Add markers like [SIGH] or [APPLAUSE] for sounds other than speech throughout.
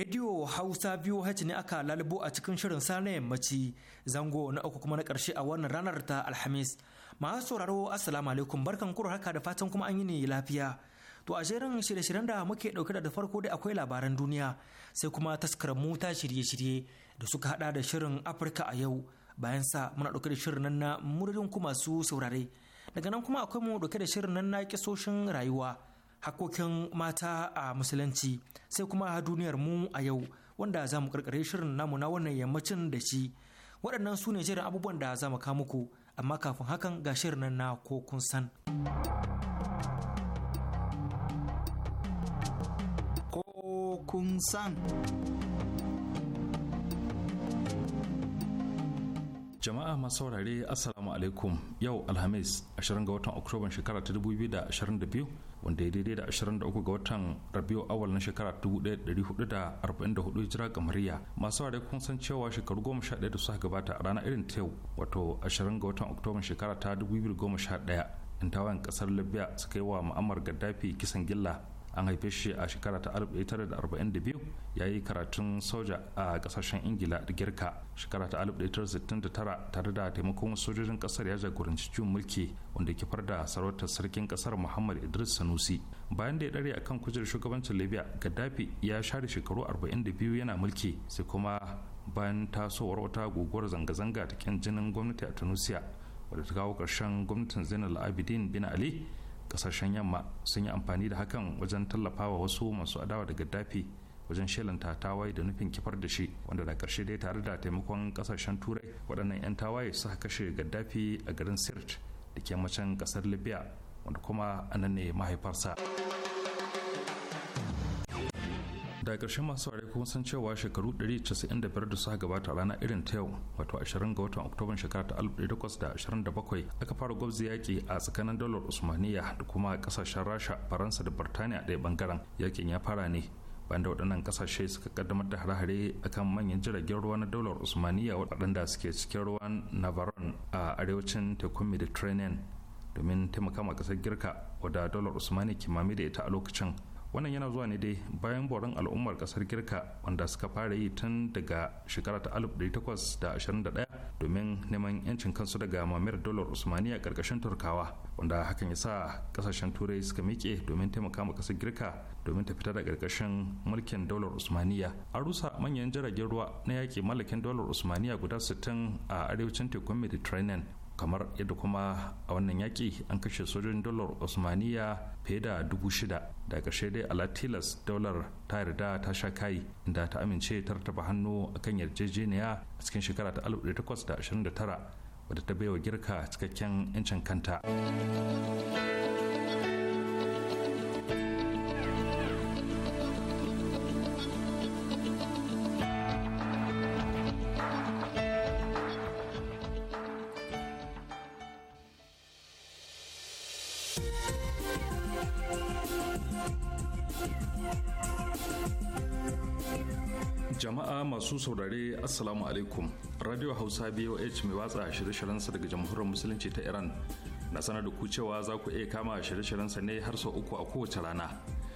Radio Hausa biyu haci ne aka lalubo a cikin shirin sa na yammaci zango na uku kuma na ƙarshe a wannan ranar ta Alhamis. Masu sauraro Assalamu alaikum barkan kuro haka da fatan kuma an yi ne lafiya. To a jerin shirye-shiryen da muke ɗauke da farko dai akwai labaran duniya sai kuma taskar mu ta shirye-shirye da suka hada da shirin Afirka a yau bayan sa muna ɗauke da shirin nan na muridin kuma su saurare. Daga nan kuma akwai mu ɗauke da shirin nan na kisoshin rayuwa. hakokin mata a musulunci sai kuma duniyar mu a yau wanda za mu karkare shirin namu na wannan yammacin da shi waɗannan su ne jerin abubuwan da za mu kawo muku amma kafin hakan ga shirin nan na ko kun san ko kun san jama'a masu saurare assalamu alaikum yau alhamis 20 ga watan oktoba shekara ta 2022 wanda ya daidai da 23 ga watan rabiu awal na shekara 1444 hijira kamariya masu ware kun san cewa shekaru 11 da su gabata a ranar irin ta yau wato 20 ga watan oktoba shekara ta 2011 intawan kasar libya suka yi wa mu'ammar gaddafi kisan gilla an haife shi a shekara ta 1942 ya yi karatun soja a kasashen ingila da girka shekara ta 1969 tare da taimakon sojojin kasar ya jagoranci juyin mulki wanda ke farda sarautar sarkin kasar muhammad idris sanusi bayan da ya dare akan kujerar shugabancin libya gaddafi ya share shekaru 42 yana mulki sai kuma bayan tasowar wata guguwar zanga-zanga ta kyan jinin gwamnati a tunisia wadda ta kawo ƙarshen gwamnatin zainal abidin bin ali kasashen yamma sun yi amfani da hakan wajen tallafawa wasu masu adawa da gaddafi wajen shelanta tawaye da nufin kifar da shi wanda da karshe dai tare da taimakon kasashen turai waɗannan 'yan tawaye suka kashe gaddafi a garin sirt da ke macen ƙasar libya wanda kuma anan ne mahaifarsa. da ƙarshen masu ware kuma san cewa shekaru 195 da suka gabata rana irin ta yau wato 20 ga watan oktoban shekara ta 1827 aka fara gwabza yaƙi a tsakanin dalar usmaniya da kuma ƙasashen rasha faransa da birtaniya ɗaya bangaren yaƙin ya fara ne bayan da waɗannan ƙasashe suka kaddamar da hare-hare akan manyan jiragen ruwa na daular usmaniya waɗanda suke cikin ruwan navarone a arewacin tekun mediterranean domin taimaka ma ƙasar girka wadda daular usmaniya kimami da ita a lokacin wannan yana zuwa ne dai bayan boron al'ummar kasar girka wanda suka fara yi tun daga shekara ta 1821 domin neman yancin kansu daga mamayar dolar usmaniya karkashin turkawa wanda hakan ya sa kasashen turai suka miƙe domin taimaka ma kasar girka domin ta fita da karkashin mulkin dolar usmaniya an rusa manyan jiragen ruwa na yaƙi mallakin dolar usmaniya guda 60 a arewacin tekun mediterranean kamar yadda kuma a wannan yaƙi an kashe sojojin dalar osmaniya fiye da dubu shida da ƙarshe dai ala tilas daular ta yarda ta sha kai inda ta amince ta rataba hannu a kan yarjejeniya a cikin shekara ta 1829 wadda ta baiwa girka cikakken 'yancin kanta jama'a masu saurare assalamu alaikum radio hausa boh mai watsa shirye shiryen sa daga jamhuriyar musulunci ta iran na sanar da ku cewa za ku iya kama shirye shiryen sa ne har sau uku a kowace rana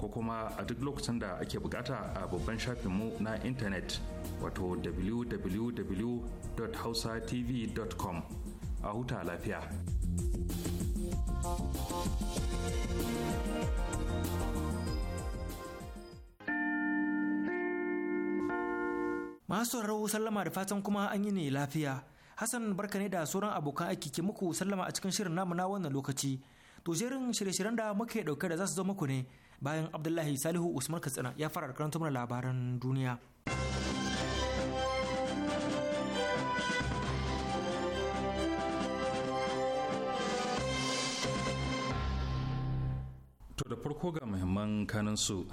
ko kuma a duk lokacin da ake bukata a babban shafinmu na intanet wato www.hausatv.com a huta lafiya. Masu rarrau sallama da fatan kuma an yi ne lafiya. Hassan barka ne da sauran abokan aiki ke muku sallama a cikin shirin namu na wannan lokaci. To shirin shirye-shiryen da muke dauke da za su zo muku ne bayan abdullahi salihu usman katsina ya fara karanta mana labaran duniya to da farko ga muhimman su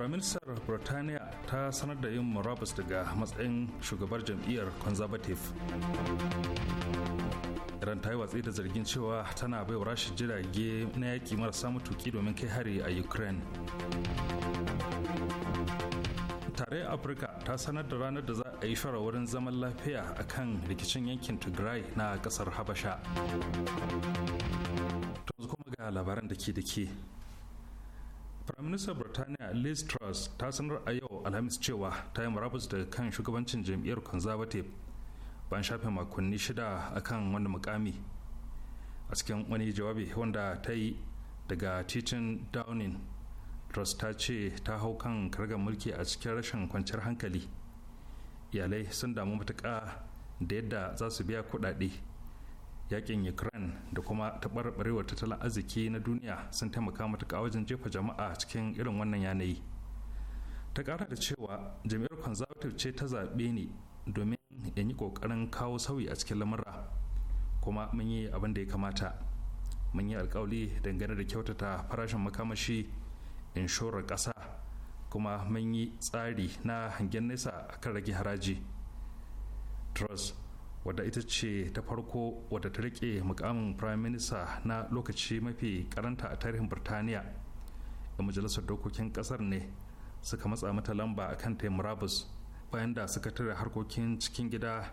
Firaministar burtaniya ta sanar da yin murabus daga matsayin shugabar jam'iyyar Conservative. iran ta yi watsi da zargin cewa tana bai wa rashin jirage na yaƙi marasa matuki domin kai hari a ukraine tarayyar afirka ta sanar da ranar da za a yi shawarwarin zaman lafiya a kan rikicin yankin tigray na ƙasar habasha kuma ga labaran da ke da ke firaministan birtaniya liz truss ta sanar a yau alhamis cewa ta yi murabus daga kan shugabancin jam'iyyar conservative Ban shafe makonni shida akan wani mukami a cikin wani jawabi wanda ta yi daga titin downing trust ta ce ta hau kan kargar mulki a cikin rashin kwanciyar hankali iyalai sun damu matuka da yadda za su biya kuɗaɗe yakin ukraine da kuma taɓarɓarewar tattalin arziki na duniya sun taimaka matuƙa wajen jefa jama'a cikin irin wannan yanayi ta ƙara da cewa jami'ar conservative ce ta zaɓe ne. domin in yi kokarin kawo sauyi a cikin lamura kuma mun yi abin da ya kamata mun yi alkawali dangane da kyautata farashin makamashi inshorar ƙasa kuma mun yi tsari na hangen nesa akan rage haraji trust wadda ita ce ta farko wadda ta rike mukamin prime minister na lokaci mafi karanta a tarihin birtaniya da majalisar dokokin kasar ne suka matsa mata lamba akan kan murabus bayan da sakatare harkokin cikin gida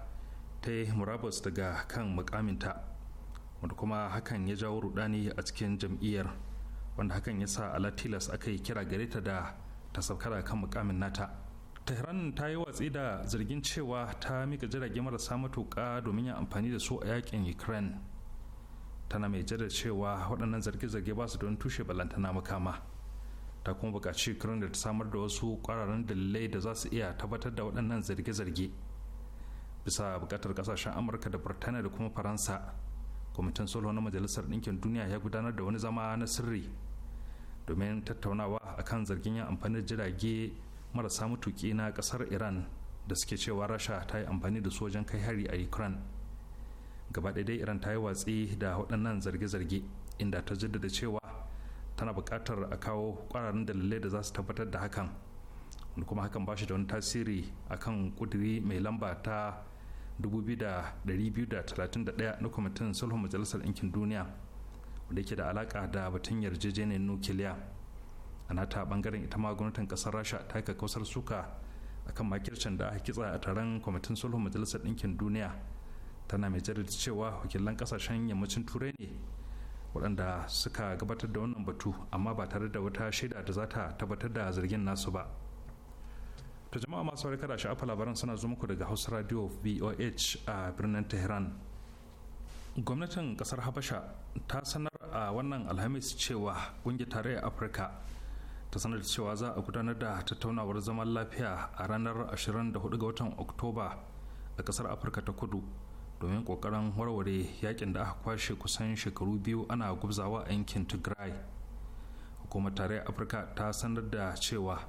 ta yi murabus daga kan mukaminta wanda kuma hakan ya jawo rudani a cikin jam'iyyar wanda hakan ya sa alatilas aka yi kira gare ta da ta saukara kan mukamin nata tehran ta yi watsi da zargin cewa ta mika jirage marasa matuƙa domin yin amfani da su a yakin ukraine tana mai jada cewa waɗannan zarge-zarge ba su don tushe balantana makama ta kuma bukaci ukraine da ta samar da wasu kwararen dalilai da za su iya tabbatar da waɗannan zarge-zarge bisa bukatar kasashen amurka da burtaniya da kuma faransa kwamitin sulhu na majalisar ɗinkin duniya ya gudanar da wani zama na sirri domin tattaunawa a kan zargin yin amfani jirage marasa matuƙi na ƙasar iran da suke cewa rasha ta yi amfani da su wajen kai hari a ukraine gaba ɗaya iran ta yi watsi da waɗannan zarge-zarge inda ta jaddada cewa tana buƙatar a kawo ƙwararrun dalilai da za su tabbatar da hakan wanda kuma hakan ba shi da wani tasiri kan kuduri mai lamba ta 2231 na kwamitin sulhun majalisar ɗinkin duniya wanda yake da alaka da batun yarjejeniyar nukiliya a nata bangaren ita ma gwamnatin ƙasar rasha ta yi kawasar suka akan makircin da aka kitsa a taron kwamitin sulhun majalisar ɗinkin duniya tana mai jaddada cewa wakilan kasashen yammacin turai ne waɗanda suka gabatar da wannan batu amma ba tare da wata shaida da za ta tabbatar da zargin nasu ba to jama'a masu warkar da sha'afa labaran suna zo muku daga hausa radio voh a birnin tehran gwamnatin kasar habasha ta sanar a wannan alhamis cewa ƙungiyar tarayyar afirka ta sanar da cewa za a gudanar da tattaunawar zaman lafiya a ranar 24 ga watan oktoba a kasar afirka ta kudu domin kokarin warware yakin da aka kwashe kusan shekaru biyu ana gubzawa a yankin tigray hukumar tarayyar afirka ta sanar da cewa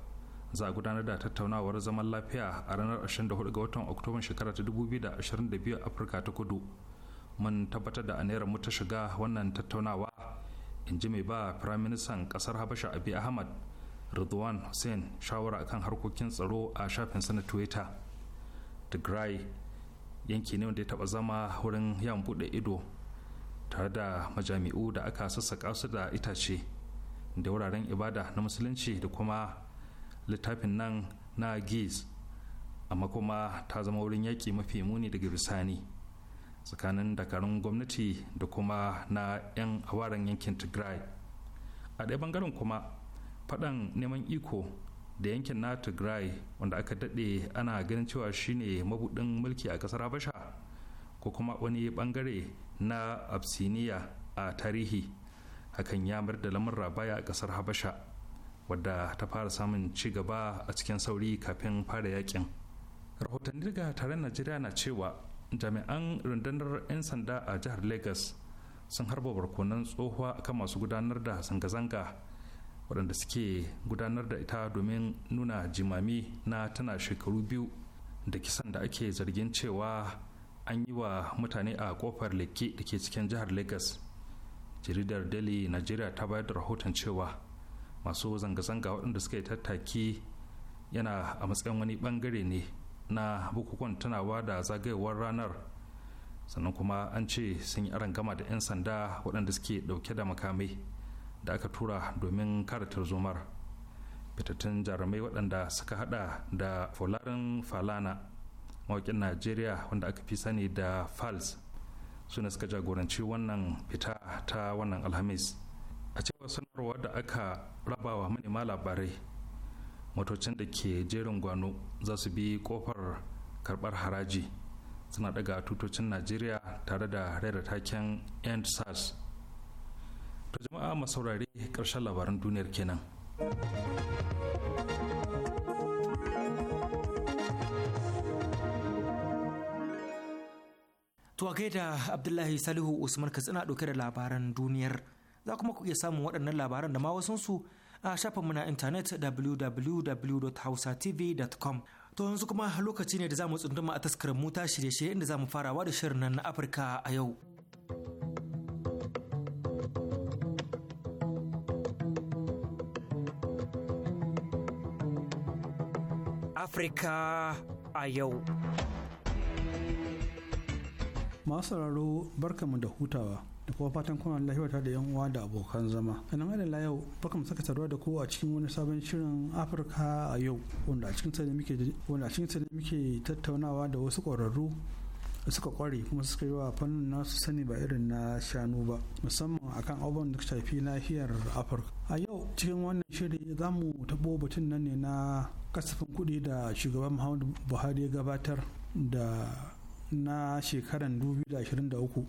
za a gudanar da tattaunawar zaman lafiya a ranar 24 ga watan oktoban shekara ta 2022 afirka ta kudu mun tabbatar da anera mu ta shiga wannan tattaunawa in ji mai ba firaministan kasar habasha abi ahmad ridwan hussein shawara kan harkokin tsaro a shafinsa na twitter tigray yanki ne wanda ya taba zama wurin yan bude ido tare da majami'u da aka sassaka su da itace da wuraren ibada na musulunci da kuma littafin nan na giz amma kuma ta zama wurin yaƙi mafi muni daga bisani tsakanin dakarun gwamnati da kuma na 'yan awaren yankin tigray a ɗaya bangaren kuma faɗan neman iko da yankin na tigray wanda aka daɗe ana ganin cewa shine mabudin mulki a ƙasar habasha ko kuma wani bangare na absiniya a tarihi hakan ya mayar da lamurra baya a ƙasar habasha wadda ta fara samun ci gaba a cikin sauri kafin fara yakin rahotanni daga taron najeriya na cewa jami'an rundunar 'yan sanda a jihar lagos sun harba barkonan tsohuwa kan masu gudanar da zanga-zanga waɗanda suke gudanar da ita domin nuna jimami na tana shekaru biyu da kisan da ake zargin cewa an yi wa mutane a kofar leke da ke cikin jihar lagos jaridar daily nigeria ta bayar da rahoton cewa masu zanga-zanga waɗanda suka yi tattaki yana a matsayin wani bangare ne na bukukuwan tunawa da zagayowar ranar sannan kuma an ce sun yi gama da 'yan sanda waɗanda suke ɗauke da makamai da aka tura domin karatar zomar fitattun jarumai waɗanda suka hada da folarin falana mawakin najeriya wanda aka fi sani da fals suna suka jagoranci wannan fita ta wannan alhamis a cewar sanarwa da aka rabawa manema labarai motocin da ke jerin gwano za su bi kofar karbar haraji suna daga tutocin najeriya tare da raira taken end sars jama'a masaurare karshen labaran duniyar kenan. To a gaida Abdullahi Salihu Usman Katsina ɗauke da labaran duniyar. Za kuma ku iya samun waɗannan labaran da ma wasunsu a shafinmu na intanet www.hausatv.com. To yanzu kuma lokaci ne da za mu tsunduma a taskarar mu ta shirye-shirye inda za mu farawa da shirin nan na Afirka a yau. Afirka a yau. Masu raro barkamu da hutawa da kuma fatan kuna lahiyarta da 'yan uwa da abokan zama. A nan yau baka saka saduwa da kowa cikin wani sabon shirin Afirka a yau wanda a cikin ne muke tattaunawa da wasu ƙwararru da suka kware kuma suka yi wa fannin nasu sani ba irin na shanu ba musamman akan abubuwan da shafi lahiyar afirka a yau cikin wannan shiri za mu taɓo batun nan ne na kasafin kuɗi da shugaban muhammadu buhari ya gabatar da na shekaran 2023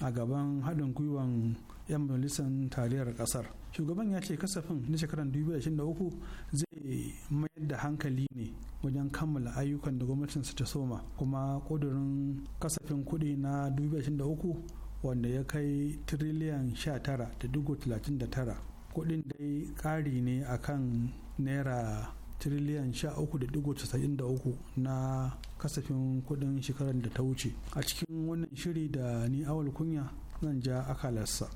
a gaban haɗin gwiwan 'yan majalisar tarayyar ƙasar shugaban ya ce kasafin na shekaran 2023 zai mayar da hankali ne wajen kammala ayyukan da gwamnatinsa ta soma kuma ƙudurin kasafin kuɗi na 2023 wanda ya kai tiriliyan 19.39 kuɗin dai ƙari ne akan naira tiriliyan 13.93 na kasafin kudin shekarar da ta wuce a cikin wannan shiri da ni awal kunya zan ja akalarsa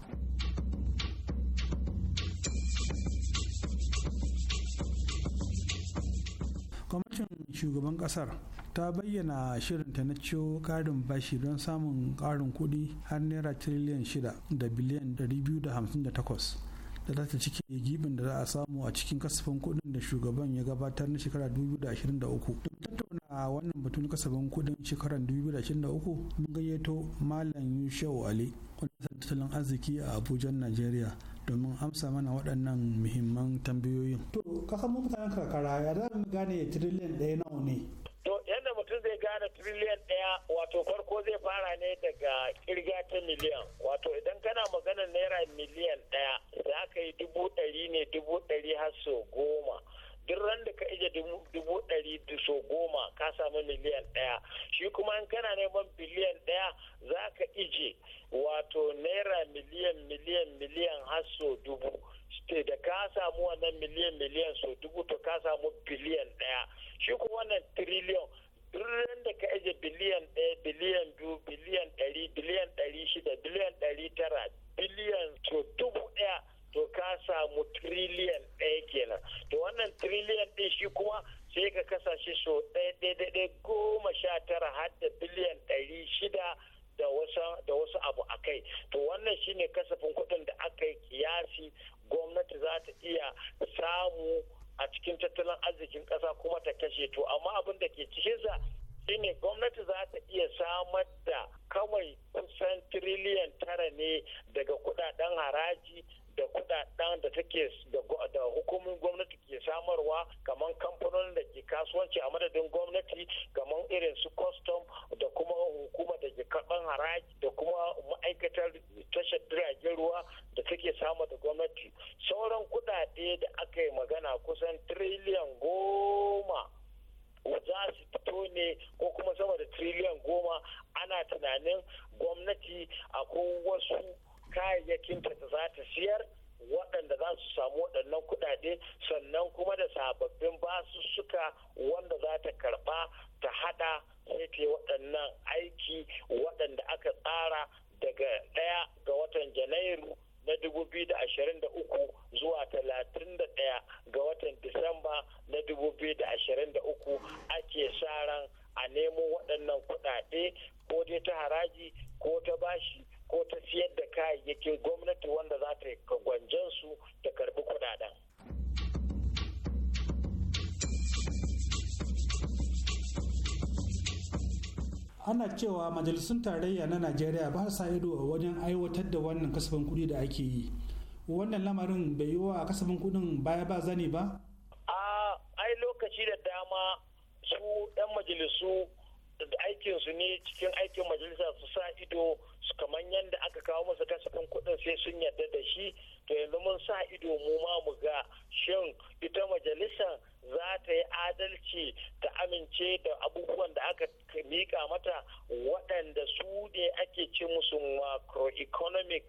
gwamnatin shugaban kasar ta bayyana shirinta na ciyo karin bashi don samun karin kudi har naira tiriliyan 6 da biliyan 258 da za ta cike gibin da za a samu a cikin kasafin kuɗin da shugaban ya gabatar na shekara 2023 don tattauna wannan batun kasafin kuɗin shekarar 2023 mun gayyato malam yushau ali wani tattalin arziki a abuja nigeria domin amsa mana waɗannan muhimman tambayoyin to kasan mutanen karkara ya za mu gane tiriliyan ɗaya nawa ne da triliyan daya wato farko zai fara ne daga kirga ta miliyan wato idan kana magana naira miliyan daya za ka yi dubu dari ne dubu dari har so goma duk ran da ka ije dubu dari da so goma ka samu miliyan daya shi kuma in kana neman biliyan daya za ka ije wato naira miliyan miliyan miliyan har so dubu ce da ka samu wannan miliyan miliyan so dubu to ka samu biliyan daya shi kuma wannan triliyan duk da ka aje biliyan ɗaya biliyan biyu biliyan ɗari biliyan ɗari shida biliyan ɗari tara biliyan to dubu ɗaya to ka samu triliyan ɗaya kenan to wannan triliyan ɗin shi kuma sai ka kasashe shi so ɗaya ɗaya ɗaya goma sha tara har da biliyan ɗari shida da wasu abu a kai to wannan shine kasafin kuɗin da aka yi kiyasi gwamnati za ta iya samu a cikin tattalin arzikin ƙasa kuma ta kashe to amma abin da ke cikinsa shine gwamnati za ta iya samar da kawai kusan tiriliyan tara ne daga kudaden haraji da kudaden da take da hukumin gwamnati ke samarwa kamar kamfanonin da ke kasuwanci a madadin gwamnati kamar irin su custom da kuma hukuma da ke karban haraji da kuma ma'aikatar tashar jiragen ruwa da take samu da gwamnati sauran kudade da aka yi magana kusan triliyan goma za su fito ne ko kuma sama da triliyan goma ana tunanin gwamnati akwai wasu kayayyakin ta za ta siyar waɗanda za su samu waɗannan kuɗaɗe sannan kuma da sababbin basussuka wanda za ta karɓa ta haɗa sai ta yi waɗannan aiki waɗanda aka tsara daga ɗaya ga watan janairu na 2023 zuwa 31 ga watan disamba na 2023 ake sa ran a nemo waɗannan kuɗaɗe ko dai ta haraji ko ta bashi ko ta siyar da kayayyakin gwamnati wanda za ta yi gwanjan su ta karbi kudaden. ana cewa majalisun tarayya na najeriya ba sa ido a wajen aiwatar da wannan kasafin kudi da ake yi wannan lamarin bai yi wa kasafin kuɗin baya ba zani ba a ai lokaci da dama su 'yan majalisu aikinsu ne cikin aikin majalisa su sa ido kamar yadda aka kawo masa kasafin kuɗin sai sun yarda da shi to yanzu mun sa ido mu ma mu ga shin ita majalisa za ta yi adalci ta amince da abubuwan da aka mika mata waɗanda su ne ake ce musu macroeconomic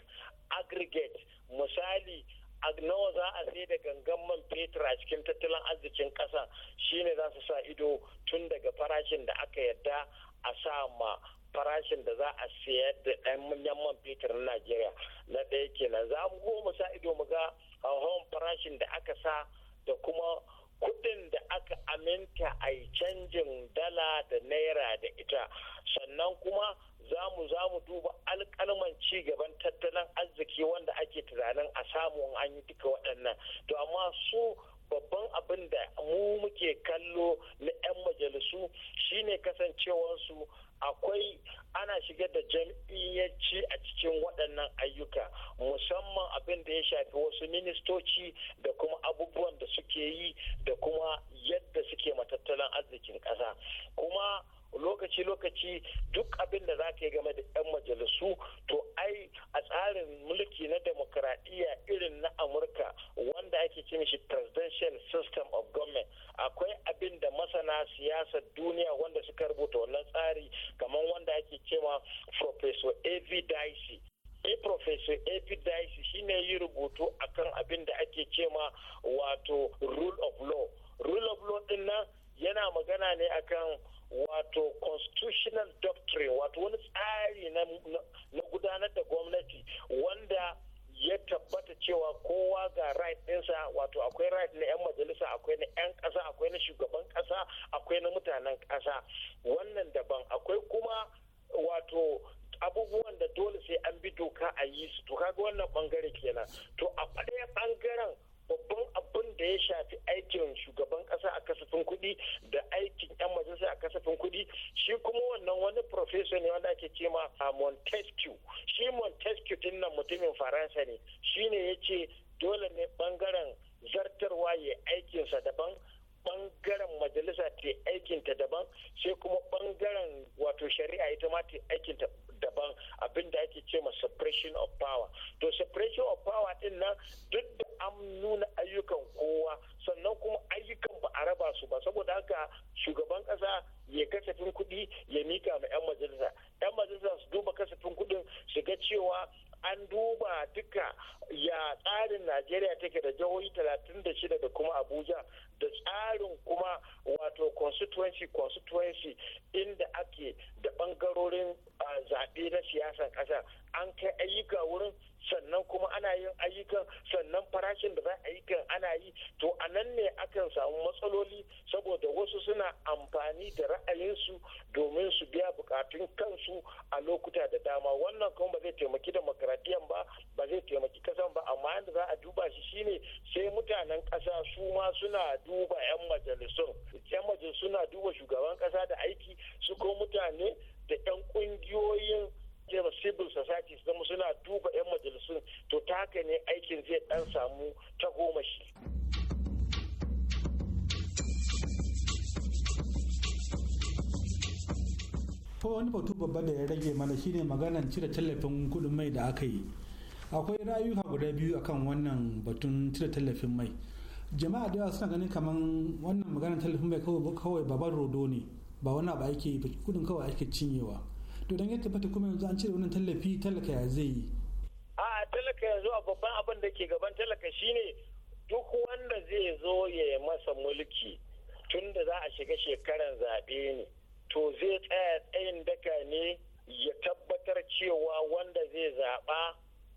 aggregate misali a nawa za a sai da gangan man fetur a cikin tattalin arzikin ƙasa shine za su sa ido tun daga farashin da aka yarda a sa ma farashin da za a siyar da ɗan manyan man fetur na Najeriya na ɗaya kenan za mu go mu sa ido mu ga hawan farashin da aka sa da kuma kuɗin da aka aminta a yi canjin dala da naira da ita sannan kuma za mu za mu duba alƙalman ci gaban tattalin arziki wanda ake tunanin a samu an yi duka waɗannan to amma su babban abin da mu muke kallo na 'yan majalisu shine kasancewarsu akwai ana shigar da jam'iyyaci a cikin waɗannan ayyuka musamman abin da ya shafi wasu ministoci da kuma abubuwan da suke yi da kuma yadda suke matattalin arzikin ƙasa kuma lokaci-lokaci duk abin da za ka yi game da 'yan majalisu to ai a tsarin mulki na demokradiyya irin na amurka wanda ake cin shi presidential system of government akwai abin da masana siyasar duniya wanda suka rubuta wannan tsari kamar wanda ake cewa professor avi dicey a eh, professor avi dicey shine yi rubutu akan abin da ake cewa wato rule of law rule of law din nan yana magana ne akan wato constitutional doctrine wato wani tsari na gudanar da gwamnati wanda ya tabbata cewa kowa ga right ɗinsa wato akwai right na 'yan majalisa akwai na 'yan ƙasa akwai na shugaban ƙasa akwai na mutanen ƙasa wannan daban akwai kuma wato abubuwan da dole sai an bi doka a yi su to kaga wannan bangare kenan to a ɗaya bangaren babban abin da ya shafi aikin shugaban kasa a kasafin kuɗi da aikin 'yan majalisa a kasafin kuɗi shi kuma wannan wani profesor ne wanda ake ce ma ah, Montesquieu shi Montesquieu din nan mutumin Faransa ne shi ne ya ce dole ne bangaren zartarwa ya aikinsa daban bangaren majalisa ta aikinta daban sai kuma bangaren wato shari'a ita ma ta aikinta daban abin da ake ce ma suppression of power to suppression of power din nan duk da an nuna ayyukan kowa sannan kuma ayyukan ba a raba su ba saboda haka shugaban kasa ya kasafin kuɗi ya mika ma 'yan majalisa 'yan majalisa su duba kasafin kuɗin su ga cewa an duba duka ya tsarin najeriya take da jihohi talatin da shida da kuma abuja da tsarin kuma wato constituency constituency inda ake da bangarorin ah, zaɓe na siyasar ƙasa an kai ayyuka wurin sannan kuma ana yin ayyukan sannan farashin da za a yi kan ana yi to a nan ne akan samu matsaloli saboda wasu suna amfani da ra'ayinsu domin su biya bukatun kansu a lokuta da dama wannan kuma ba zai taimaki demokradiyan ba ba zai taimaki kasan ba amma yadda za a duba shi shine sai mutanen kasa su ma suna duba 'yan majalisun 'yan majalisun suna duba shugaban kasa da aiki su ko mutane da 'yan kungiyoyin ce civil society su zama suna duba 'yan majalisun to ta haka ne aikin zai dan samu tagomashi. fa wani batu babba da ya rage mana shine maganan cire tallafin kudin mai da aka yi akwai rayuka guda biyu akan wannan batun cire tallafin mai jama'a da yawa suna ganin kamar wannan maganar tallafin mai kawai babban rodo ne ba wani abu ake kudin kawai ake cinyewa to don ya tabbata kuma yanzu an cire wannan tallafi talaka ya zai yi a talaka yanzu a babban abin da ke gaban talaka shine duk wanda zai zo ya masa mulki tun da za a shiga shekaran zaɓe ne to zai tsaya tsayin daka ne ya tabbatar cewa wanda zai zaɓa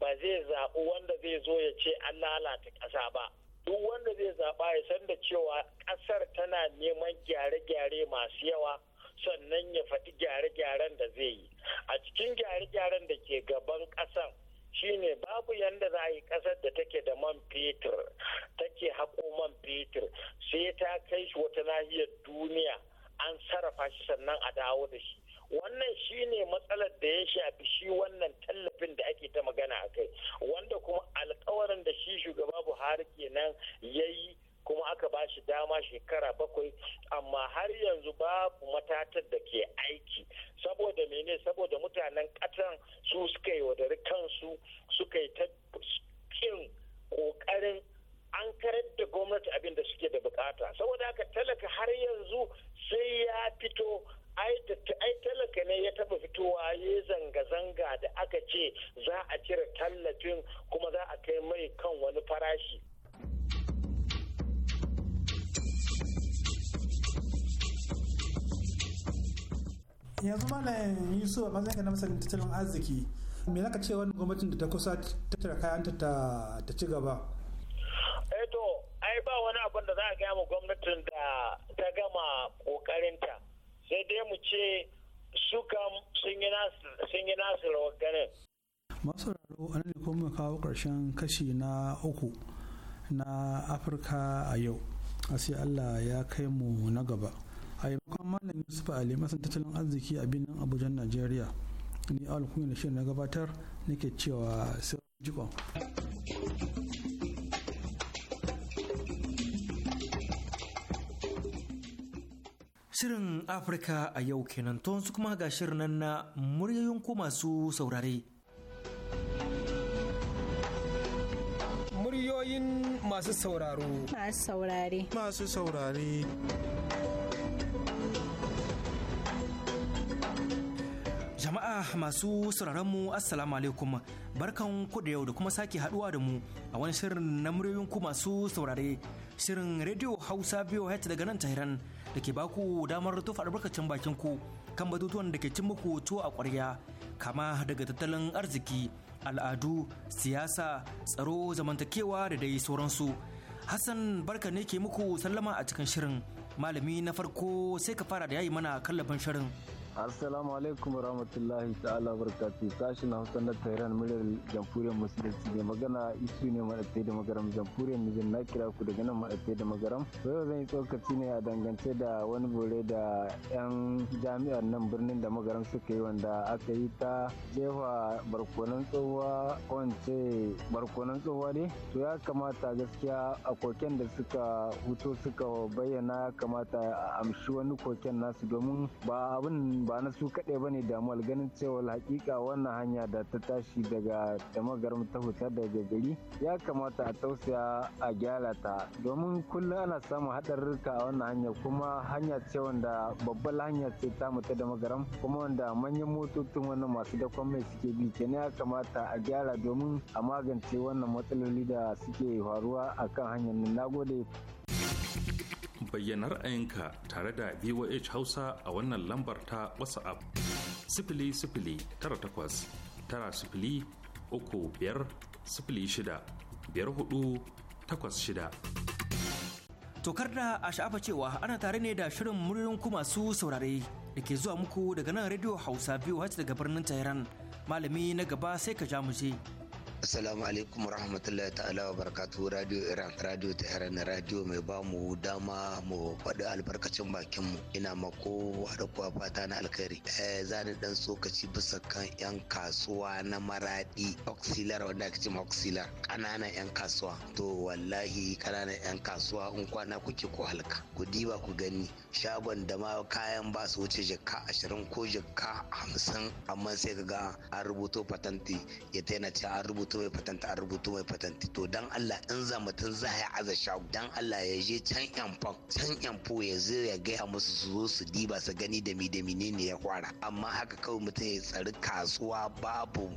ba zai zaɓi wanda zai zo ya ce an lalata ƙasa ba duk wanda zai zaɓa ya san da cewa ƙasar tana neman gyare-gyare masu yawa sannan ya faɗi gyare-gyaren da zai yi a cikin gyare-gyaren da ke gaban ƙasan shine babu yadda za a yi ƙasar da take da man fetur take haƙo man fetur sai ta kai shi wata nahiyar duniya an sarrafa shi sannan a dawo da shi wannan shine matsalar da ya shafi shi wannan tallafin da ake ta magana a kai wanda kuma alkawarin da shi shugaba buhari kenan ya yi kuma aka ba shi dama shekara bakwai amma har yanzu babu matatar da ke aiki saboda mene saboda mutanen katan su suka yi wadari kansu suka yi ta kin ƙoƙarin an karar da gwamnati abin da suke da bukata saboda aka talaka har yanzu sai ya fito ai talaka ne ya taba fitowa ya zanga-zanga da aka ce za a cire tallafin kuma za a kai mai kan wani farashi yanzu malam yusuf a matsayin ka na masanin tattalin arziki me zaka ce wani gwamnatin da ta kusa tattara kayan ta ta ci gaba eh to ai ba wani abun da za a gaya ma gwamnatin da ta gama kokarinta sai dai mu ce su kam sun yi nasu rawar ganin masu raro an ne kuma kawo karshen kashi na uku na afirka a yau a sai allah ya kai mu na gaba a yamakon malam yusuf ali masan tattalin arziki a binin abuja najeriya ni awal kunya da shirin na gabatar nake cewa sai jikon Shirin Afirka a yau kenan to su kuma ga shirin nan na muryoyin ku masu saurare. Muryoyin masu sauraro. Masu saurare. Masu saurare. masu sauraron mu assalamu alaikum barkan ku da yau da kuma sake haduwa da mu a wani shirin na muryoyin ku masu saurare shirin radio hausa biyu hata daga nan tahiran da ke baku damar tufa albarkacin bakin ku kan batutuwan da ke cin muku tuwo a kwarya kama daga tattalin arziki al'adu siyasa tsaro zamantakewa da dai sauransu hassan barka ne ke muku sallama a cikin shirin malami na farko sai ka fara da yayi mana kallaban shirin assalamu alaikum rahmatullahi ta'ala barkatu sashen hausa na tehran miliyar jamhuriyar musulunci ne magana isu ne maɗaɗe da magaram jamhuriyar nijar na kira ku daga nan maɗaɗe da magaram yau zan yi tsokaci ne a dangance da wani bore da yan jami'ar nan birnin da magaram suka yi wanda aka yi ta jefa barkonan tsohuwa wance barkonan tsohuwa ne to ya kamata gaskiya a koken da suka huto suka bayyana ya kamata a amshi wani koken nasu domin ba abin ba na su kaɗai ba ne damuwar ganin cewa hakika wannan hanya da ta tashi daga damagar ta fita daga gari ya kamata a tausaya a gyara ta domin kullum ana samun haɗarurruka a wannan hanya kuma hanya ce wanda babbar hanya ce ta mutu da magaram kuma wanda manyan motocin wannan masu dakon mai suke bi kenan ya kamata a gyara domin a magance wannan matsaloli da suke faruwa akan hanyar nan nagode bayyana ra'ayinka tare da voh hausa a wannan lambar ta whatsapp sifili sifili tara takwas tara sifili uku biyar sifili shida biyar hudu tokar da a sha'afa cewa ana tare ne da shirin muryoyin ku masu saurare da ke zuwa muku daga nan radio hausa biyu daga birnin tehran malami na gaba sai ka ja mu je. Assalamu alaikum rahmatullahi ta'ala wa barakatu, Radio Iran Radio na Radio mai ba mu dama mu faɗi albarkacin bakin mu ina mako da kuwa fata na alkhairi eh zani dan sokaci bisa kan yan kasuwa na maradi auxiliar wanda ake cewa auxiliar kananan yan kasuwa to wallahi kananan yan kasuwa in kwana kuke ko halka ku diba ku gani shagon da ma kayan ba su wuce jikka ashirin ko jikka hamsin amma sai ka ga an rubuto patanti ya taina ce an rubuta rubuta mai patanta an rubuta mai patanta to dan Allah in za mutum za ya aza shago dan Allah ya je can yanfan can yanfo ya zo ya gaya musu su zo su diba su gani da mi da ne ya kwara amma haka kawai mutum ya tsari kasuwa babu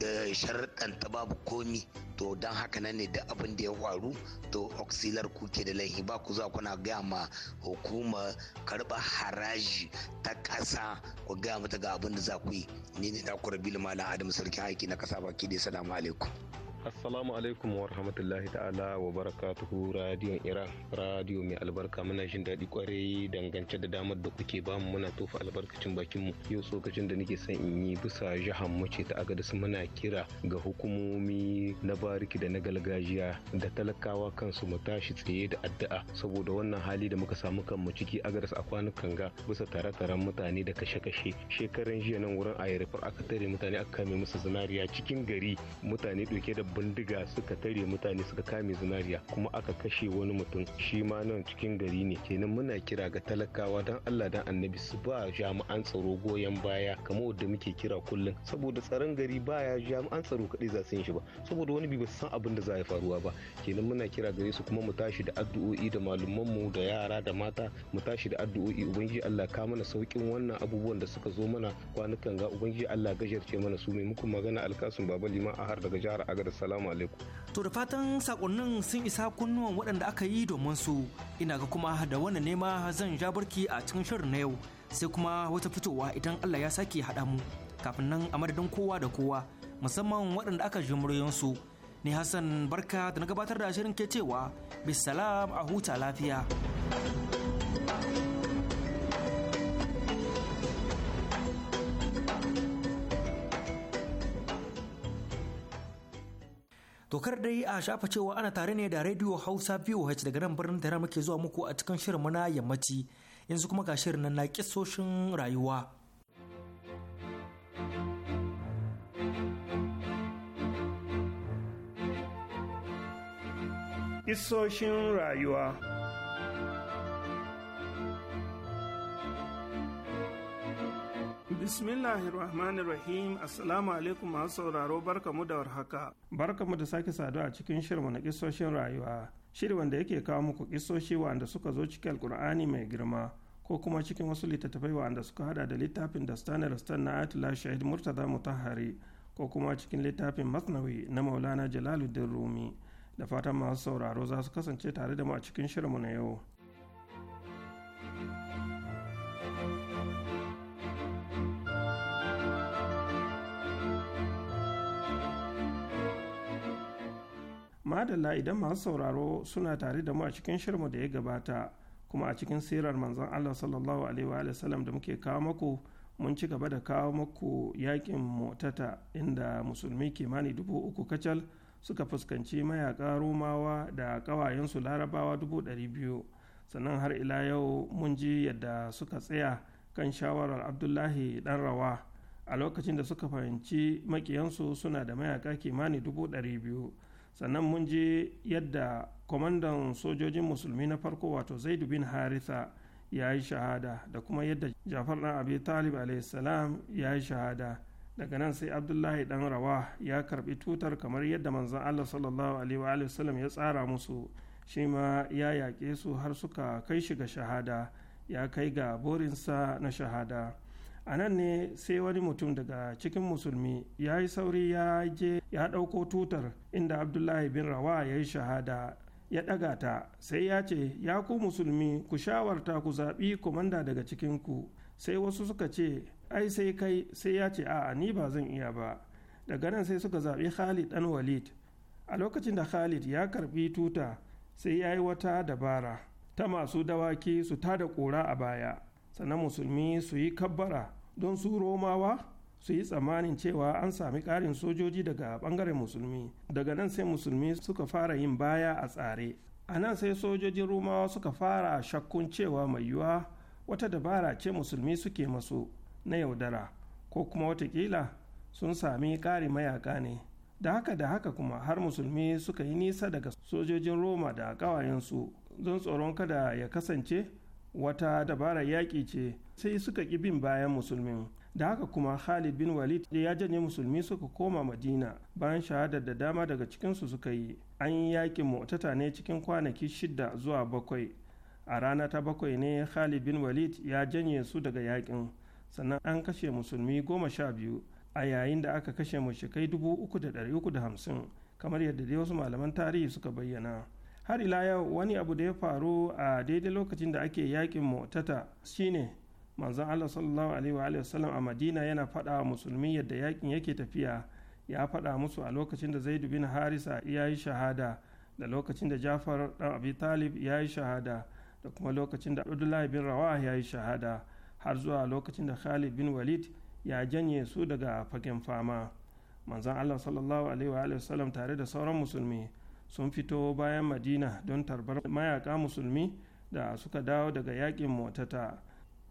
eh, sharɗanta babu komi to don haka nan ne da abin da ya faru to auxiliar kuke da laihi ba ku za kuna gaya ma hukuma karba haraji ta ƙasa ku gaya mata ga abin da za ku yi ni ne da ku malam adam sarki haƙi na ƙasa baki da salamu alaikum Pernambuco. Assalamu alaikum wa rahmatullahi ta'ala wa barakatuhu radiyon Iran radiyo mai albarka muna jin daɗi kwarai dangance da damar da kuke bamu muna tofa albarkacin bakin mu yau sokacin da nake son in yi bisa jihar mace ta agadis muna kira ga hukumomi na bariki da na galgajiya da talakawa kansu mu tashi tsaye da addu'a saboda wannan hali da muka samu kan mu ciki agadis a kwanukan ga bisa tare-taren mutane da kashe-kashe shekaran jiya nan wurin a ayarfar aka tare mutane aka kame musu zinariya cikin gari mutane ɗauke da bindiga suka tare mutane suka kame zinariya kuma aka kashe wani mutum shi ma nan cikin gari ne kenan muna kira ga talakawa dan Allah dan annabi su ba jami'an tsaro goyon baya kamar wanda muke kira kullum saboda tsaron gari baya jami'an tsaro kadai za su yin shi ba saboda wani bi ba san abin da za ya faruwa ba kenan muna kira gare su kuma mu tashi da addu'o'i da malumman mu da yara da mata mu tashi da addu'o'i ubangiji Allah ka mana saukin wannan abubuwan da suka zo mana kwanukan ga ubangiji Allah gajarce mana su mai muku magana alkasun baba liman har daga jihar agadas Assalamu alaikum. To da fatan sakonnin sun isa kunnuwan waɗanda aka yi domin su ina ga kuma da wannan nema zan ja barki a cikin shirin na yau sai kuma wata fitowa idan Allah ya sake haɗa mu kafin nan a madadin kowa da kowa musamman waɗanda aka ji su ni Hassan barka da na gabatar da shirin ke cewa bisalam a huta lafiya. Dokar dai a shafa cewa ana tare ne da Radio Hausa VOH daga nan birnin Tehran muke zuwa muku a cikin shirin na yammaci. Yanzu kuma ga shirin nan na kisoshin rayuwa. Kisoshin rayuwa. Bismillahirrahmanirrahim Assalamu alaikum masu sauraro barka barkamu da warhaka. mu da sake saduwa a cikin shirmu na kisoshin rayuwa. Shiri wanda yake kawo muku kisoshi wanda suka zo cikin Alkur'ani mai girma ko kuma cikin wasu littattafai wanda suka hada da littafin da Stanar rastan na Atula Shahid Murtaza Mutahari ko kuma cikin littafin Masnawi na Maulana Jalaluddin Rumi. Da fatan masu sauraro za su kasance tare da mu a cikin shirmu na yau. madalla idan masu sauraro suna tare da mu a cikin shirmu da ya gabata kuma a cikin sirar manzon Allah sallallahu alaihi wa sallam da muke kawo maku mun ci gaba da kawo maku yakin motata inda musulmi kimani dubu uku kacal suka fuskanci mayaka romawa da ƙawayensu larabawa dubu ɗari biyu sannan har ila yau mun ji yadda suka tsaya kan shawarar abdullahi ɗan rawa a lokacin da suka fahimci makiyansu suna da mayaka kimani dubu ɗari biyu sannan mun je yadda kwamandan sojojin musulmi na farko wato zaidu bin haritha ya yi shahada da kuma yadda jafar dan abi talib salam ya yi shahada daga nan sai abdullahi dan rawa ya karbi tutar kamar yadda manzon allah sallallahu alaihi wa ya tsara musu shi ma ya yaƙe su har suka kai shi ga shahada ya kai ga burinsa na shahada a nan ne sai wani mutum daga cikin musulmi ya yi sauri ya je ya ɗauko tutar inda abdullahi bin rawa ya yi shahada ya ɗaga ta sai ya ce ya ku musulmi ku shawarta ku zaɓi komanda daga cikinku sai wasu suka ce ai sai kai sai ya ce a'a ni ba zan iya ba daga nan sai suka zaɓi khalid ɗan walid a lokacin da khalid ya karɓi tuta sai ya yi wata dabara ta masu dawaki su ta da ƙura a baya sannan musulmi su yi kabbara don su romawa su yi tsammanin cewa an sami ƙarin sojoji daga ɓangaren musulmi daga nan sai musulmi suka fara yin baya a tsare a nan sai sojojin romawa suka fara shakkun cewa mai yiwuwa wata dabara ce musulmi suke masu na yaudara ko kuma watakila sun sami ƙari mayaka ne da haka da haka kuma har musulmi suka yi nisa daga sojojin roma da ƙawayensu don tsoron kada ya kasance wata dabara yaƙi ce sai suka ƙi bin bayan musulmin da haka kuma khalid bin walid ya janye musulmi suka koma madina bayan shahadar da dama daga cikinsu suka yi an yi yakin motata ne cikin kwanaki shida zuwa bakwai a rana ta bakwai ne khalid bin walid ya janye su daga yakin sannan an kashe musulmi goma sha biyu a yayin da aka kashe mushrikai dubu uku da ɗari uku da hamsin kamar yadda dai wasu malaman tarihi suka bayyana har ila yau wani abu da ya faru a daidai lokacin da ake yakin motata shine manzon Allah sallallahu alaihi wa a Madina yana faɗa wa musulmi yadda yakin yake tafiya ya faɗa musu a lokacin da Zaid bin Harisa ya yi shahada da lokacin da Jafar dan Abi Talib ya yi shahada da kuma lokacin da Abdullah bin Rawah ya yi shahada har zuwa lokacin da Khalid bin Walid ya janye su daga fagen fama manzon Allah sallallahu alaihi wa tare da sauran musulmi sun fito bayan Madina don tarbar mayaka musulmi da suka dawo daga yakin motata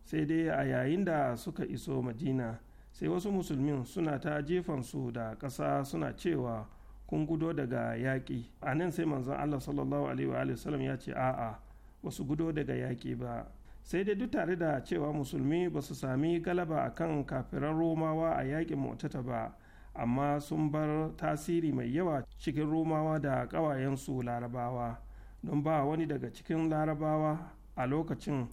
sai dai a yayin da suka iso madina sai wasu musulmin suna ta jefansu da ƙasa suna cewa kun gudo daga yaƙi a nan sai manzon allah sallallahu alaihi wa sallam ya ce a'a wasu gudo daga yaƙi ba sai dai duk tare da cewa musulmi ba su sami galaba a kan kafiran romawa a yaƙin motata ba amma sun bar tasiri mai yawa cikin romawa da ƙawayensu larabawa don ba wani daga cikin larabawa a lokacin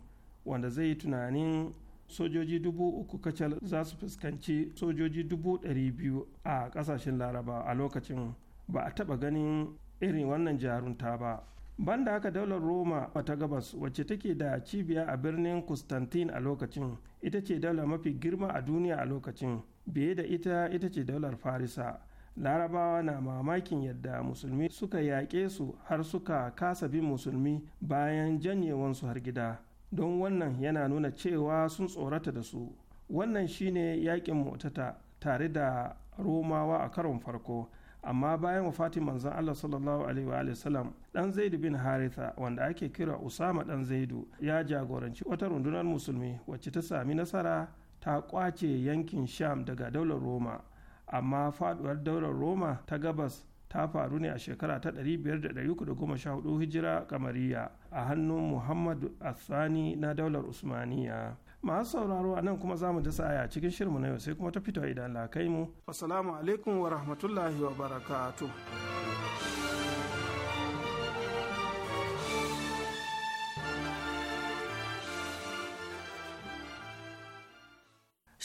wanda zai yi tunanin sojoji dubu uku kacal za su fuskanci sojoji dubu ɗari biyu a ƙasashen laraba a lokacin ba a taɓa ganin irin wannan jarunta ba banda haka daular roma ta gabas wacce take da cibiya a birnin constantine a lokacin ita ce daular mafi girma a duniya a lokacin biye da ita ita ce daular farisa larabawa na mamakin yadda musulmi suka yaƙe su har suka kasa bin musulmi bayan janyewansu har gida don wannan yana nuna cewa sun tsorata da su wannan shine yakin motata tare da romawa a karon farko amma bayan wafatin manzon Allah sallallahu alaihi wa sallam dan Zaidu bin Haritha wanda ake kira Usama dan Zaidu ya jagoranci wata rundunar musulmi wacce ta sami nasara ta kwace yankin Sham daga daular Roma amma faduwar daular Roma ta gabas ta faru ne a shekara ta 514 hijira kamariya a hannun muhammadu athani na daular usmaniya masu sauraro a nan kuma zamu mu dasa aya cikin shirinmu na yau sai kuma ta fito idan la kai mu assalamu alaikum wa rahmatullahi wa barakatu.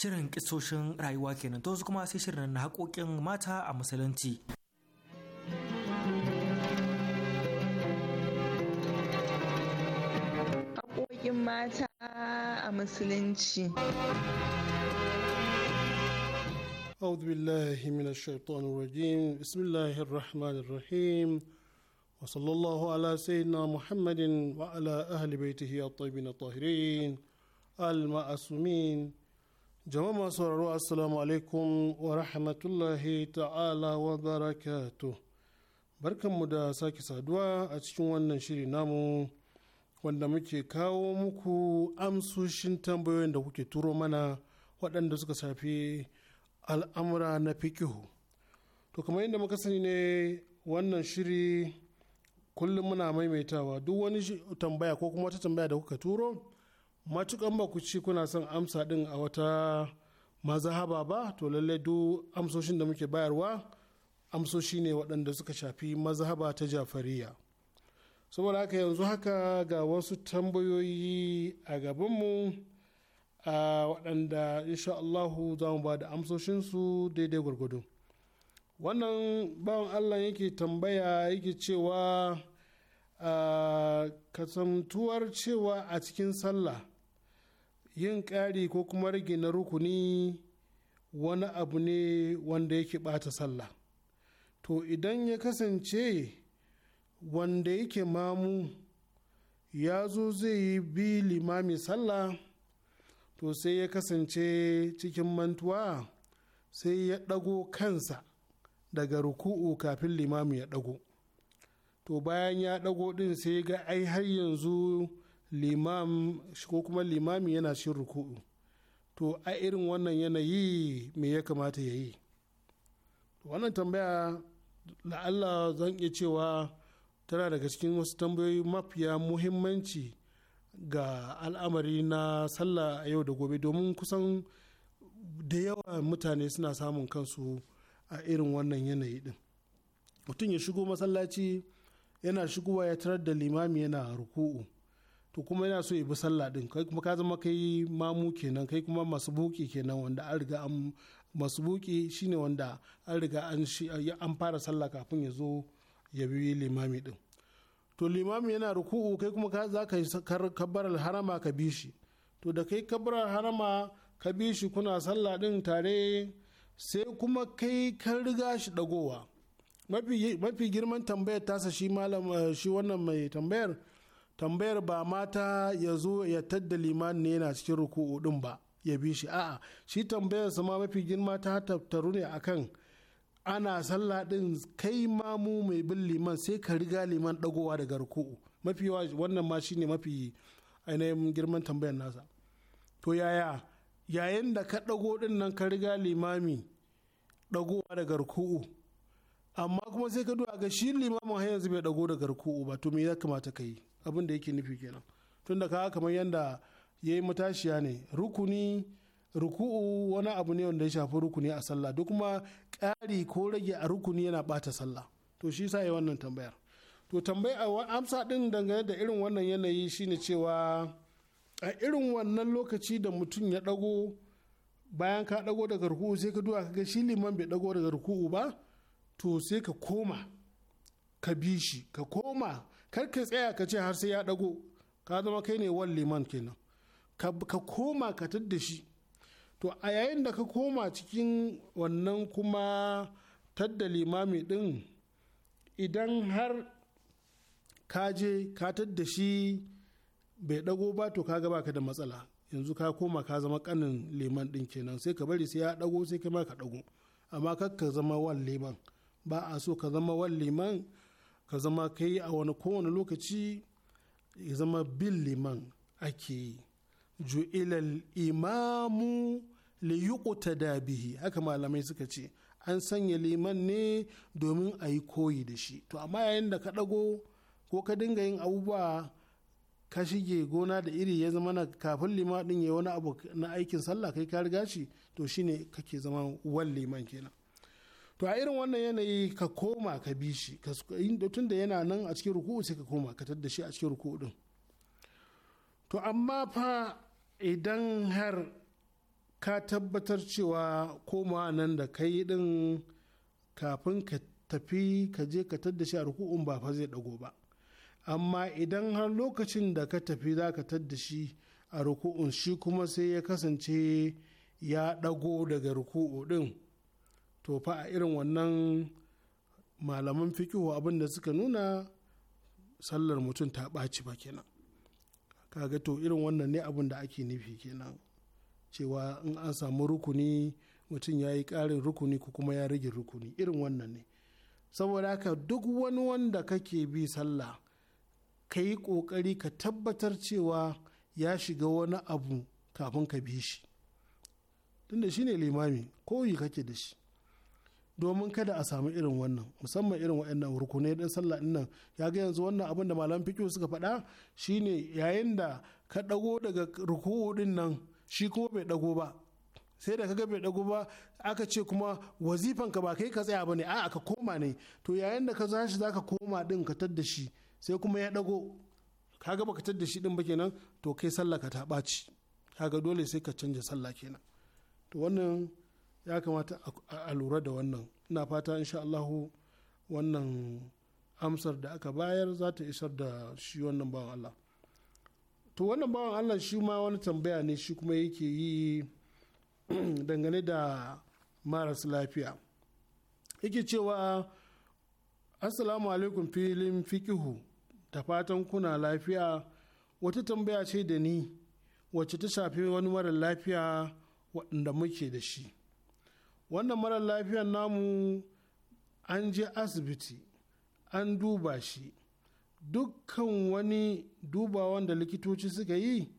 Shirin kisoshin rayuwa kenan to su kuma sai shirin na haƙoƙin mata a musulunci. haƙƙin mata a musulunci أعوذ بالله من الشيطان الرجيم بسم الله الرحمن الرحيم وصلى الله على سيدنا محمد وعلى أهل بيته الطيبين الطاهرين المعصومين jama'a masu sauraro assalamu alaikum wa rahmatullahi ta'ala wa barakatuh barkanmu da sake saduwa a cikin wannan shiri namu wanda muke kawo muku amsoshin tambayoyin da kuke turo mana waɗanda suka shafi al'amura na fikihu to kamar yadda muka sani ne wannan shiri kullum muna maimaitawa duk wani tambaya ko kuma wata tambaya da kuka turo matukan ba ku ci kuna son amsa ɗin a wata mazahaba ba to lallai duk amsoshin da muke bayarwa amsoshi ne waɗanda suka shafi mazahaba ta jafariya saboda haka yanzu haka ga wasu tambayoyi a gabanmu a waɗanda insha Allahu za mu ba da amsoshinsu daidai gwargwado wannan bawan Allah yake tambaya yake cewa kasantuwar cewa a cikin sallah yin ƙari ko kuma rage na rukuni wani abu ne wanda yake ɓata sallah to idan ya kasance wanda yake mamu ya zo zai yi bi limami sallah to sai ya kasance cikin mantuwa sai ya ɗago kansa daga ruku'u kafin limami ya ɗago to bayan ya ɗago ɗin sai ga ai har yanzu limam ko kuma limami yana cin ruku'u to a irin wannan yanayi me ya kamata ya yi wannan tambaya la'alla zan iya cewa tana daga cikin wasu tambayoyi mafiya muhimmanci ga al'amari na sallah a yau da gobe domin kusan da yawa mutane suna samun kansu a irin wannan yanayi din mutum ya shigo masallaci yana shigowa ya tarar da limami yana ruku'u to kuma yana so ya bi sallah din kai kuma ka zama kai mamu kenan kai kuma masubuki kenan wanda an riga an masubuki shine wanda an riga an fara sallah kafin ya zo ya bi limami din to limami yana ruku'u kai kuma za ka yi kabbar harama ka bi shi to da kai kabbar harama ka bi shi kuna sallah din tare sai kuma kai kan riga shi dagowa mafi girman tambayar tasa shi malam eh, shi wannan mai tambayar tambayar ba mata ya zo ya tadda limami ne yana cikin ruku'u din ba ya bi shi a'a shi tambayar ma mafi girma ta tattaru ne akan ana sallah ɗin kai mamu mai bin liman sai ka riga liman dagowa daga ruku'u mafi wannan ma shine mafi ainihin girman tambayar nasa to yaya yayin da ka ɗago din nan ka riga limami ɗagowa daga ruku'u amma kuma sai ka duba ga shi limamin har yanzu bai dago daga ruku'u ba to me ya kamata ka yi abin da yake nufi kenan tunda ka kamar yanda ya yi matashiya ne rukuni ruku'u wani abu ne wanda ya shafi rukuni a sallah duk kuma ƙari ko rage a rukuni yana bata sallah to shi sa yi wannan tambayar to tambaya amsa din dangane da irin wannan yanayi shine cewa a irin wannan lokaci da mutum ya ɗago, bayan ka dago daga ruku'u sai ka duwa kaga shi liman bai dago daga ruku'u ba to sai ka koma ka bi shi ka koma kar ka tsaya ka ce har sai ya dago ka zama kai ne wan liman kenan ka koma ka tadda shi to a yayin da ka koma cikin wannan kuma tadda limami din idan har ka je ka tadda shi bai dago ba to ka gaba ka da matsala yanzu ka koma ka zama kanin liman din kenan sai ka bari sai ya dago sai ka ma ka dago amma kar ka zama wan liman ba a so ka zama wan liman ka zama kai a wani kowane lokaci ya zama bin liman ake yi ju'ilal imamu li ta bihi haka malamai suka ce an sanya liman ne domin a yi koyi da shi to amma yayin da ka ɗago ko ka dinga yin abubuwa ka shige gona da iri ya zama na kafin liman ɗin ya wani abu na aikin sallah kai ka riga shi to shine kake zama wal liman kenan to a irin wannan yanayi ka koma ka bi shi tun da yana nan a cikin ruku'u sai ka koma ka tadda shi a cikin ruku'u din to amma fa idan har ka tabbatar cewa komawa nan da ka yi din kafin ka tafi ka je ka tadda shi a ruku'un ba fa zai dago ba amma idan har lokacin da ka tafi za ka tadda shi a ruku'un shi kuma sai ya kasance ya dago daga ruku'u din to fa a irin wannan malaman fikihu abin da suka nuna sallar mutum ta ɓaci ba kenan ka ga to irin wannan ne abin da ake nufi kenan cewa in an samu rukuni mutum ya yi ƙarin rukuni ko kuma ya rage rukuni irin wannan ne saboda haka duk wani wanda kake bi sallah ka yi ƙoƙari ka tabbatar cewa ya shiga wani abu kafin ka bi shi tunda shi ne limami koyi kake da shi domin kada a samu irin wannan musamman irin waɗannan rukunai ɗin sallah nan ya ga yanzu wannan abin da malam fiƙo suka faɗa shine yayin da ka ɗago daga ruku'u ɗin nan shi kuma bai ɗago ba sai da kaga bai ɗago ba aka ce kuma wazifan ka ba kai ka tsaya bane a ka koma ne to yayin da ka zashi zaka koma ɗin ka tadda shi sai kuma ya ɗago kaga baka tadda shi ɗin ba kenan to kai sallah ka ta ɓaci kaga dole sai ka canja sallah kenan to wannan ya kamata a lura da wannan ina fata insha Allahu wannan amsar da aka bayar za ta isar da shi wannan bawan Allah to wannan bawan Allah shi ma wani tambaya ne shi kuma yake yi [CLEARS THROAT] dangane da maras lafiya yake cewa assalamu alaikum filin fikihu da fatan kuna lafiya wata tambaya ce da ni wacce ta shafi wani mara lafiya waɗanda muke da shi wannan mara lafiyar namu an je asibiti an duba shi dukkan wani dubawan da likitoci suka yi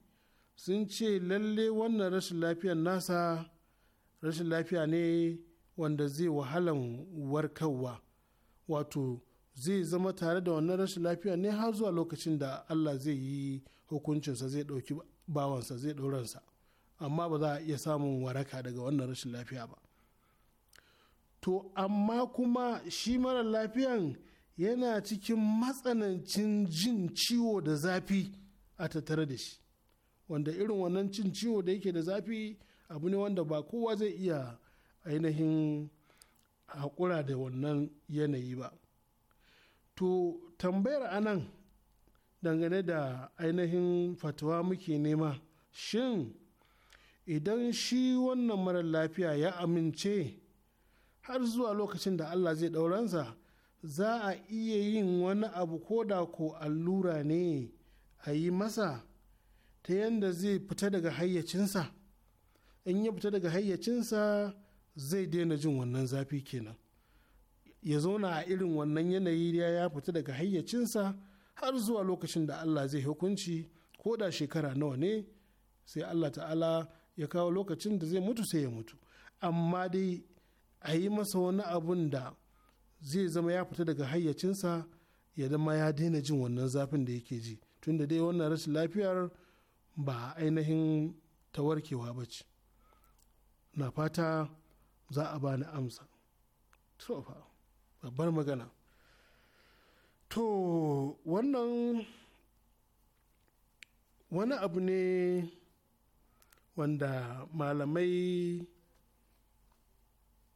sun ce lalle wannan rashin lafiyar nasa rashin lafiya ne wanda zai wahalan warkarwa wato zai zama tare da wannan rashin lafiya ne har zuwa lokacin da allah zai yi hukuncinsa zai ɗauki bawansa zai dauransa amma ba za a iya samun waraka daga wannan rashin lafiya ba to amma kuma shi mara lafiyan yana cikin matsanancin jin ciwo da zafi a tattare da shi wanda irin wannan cin ciwo da yake da zafi abu ne wanda ba kowa zai iya ainihin haƙura da wannan yanayi ba to tambayar anan dangane da ainihin fatawa muke nema shin idan shi wannan mara lafiya ya amince har zuwa lokacin da Allah zai ɗauransa za a iya yin wani abu ko da ko allura ne a yi masa ta yadda zai fita daga hayyacinsa in ya fita daga hayyacinsa zai daina jin wannan zafi kenan ya zauna a irin wannan yanayi ya fita daga hayyacinsa har zuwa lokacin da Allah zai hukunci ko da shekara nawa ne sai Allah ta'ala ya kawo lokacin da zai mutu sai ya mutu amma dai a yi masa wani abun da zai zama ya fita daga hayyacinsa ya zama ya daina jin wannan zafin da yake ji tun da dai wannan rashin lafiyar ba ainihin tawarkewa ba ce na fata za a bani amsa babbar magana to wannan wani abu ne wanda malamai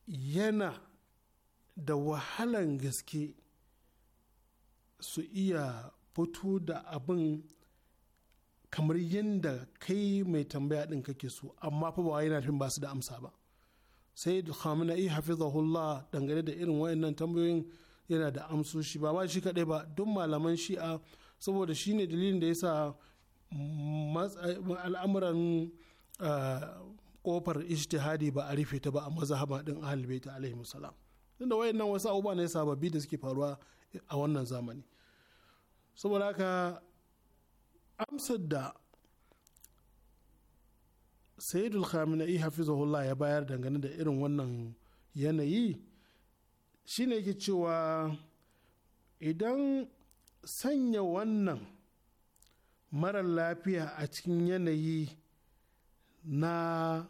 yana da wahalan gaske su iya fito da abin kamar yadda kai mai tambaya ɗin kake so amma fa ba yana fin ba su da amsa ba sai khamenei hafizahullah dangane da irin wayannan tambayoyin yana da amsoshi ba ma shi kaɗai ba duk malaman shi'a saboda shi ne dalilin da ya sa al'amuran ah, kofar ijtihadi ba a rufe ta ba a mazhaba din ahlul alaihi salam tunda wayannan wasu abubuwa ne sababbi da suke faruwa a wannan zamani saboda haka amsar da sayyidul khamenei hafizahullah ya bayar dangane da irin wannan yanayi shine yake cewa idan sanya wannan mara lafiya a cikin yanayi na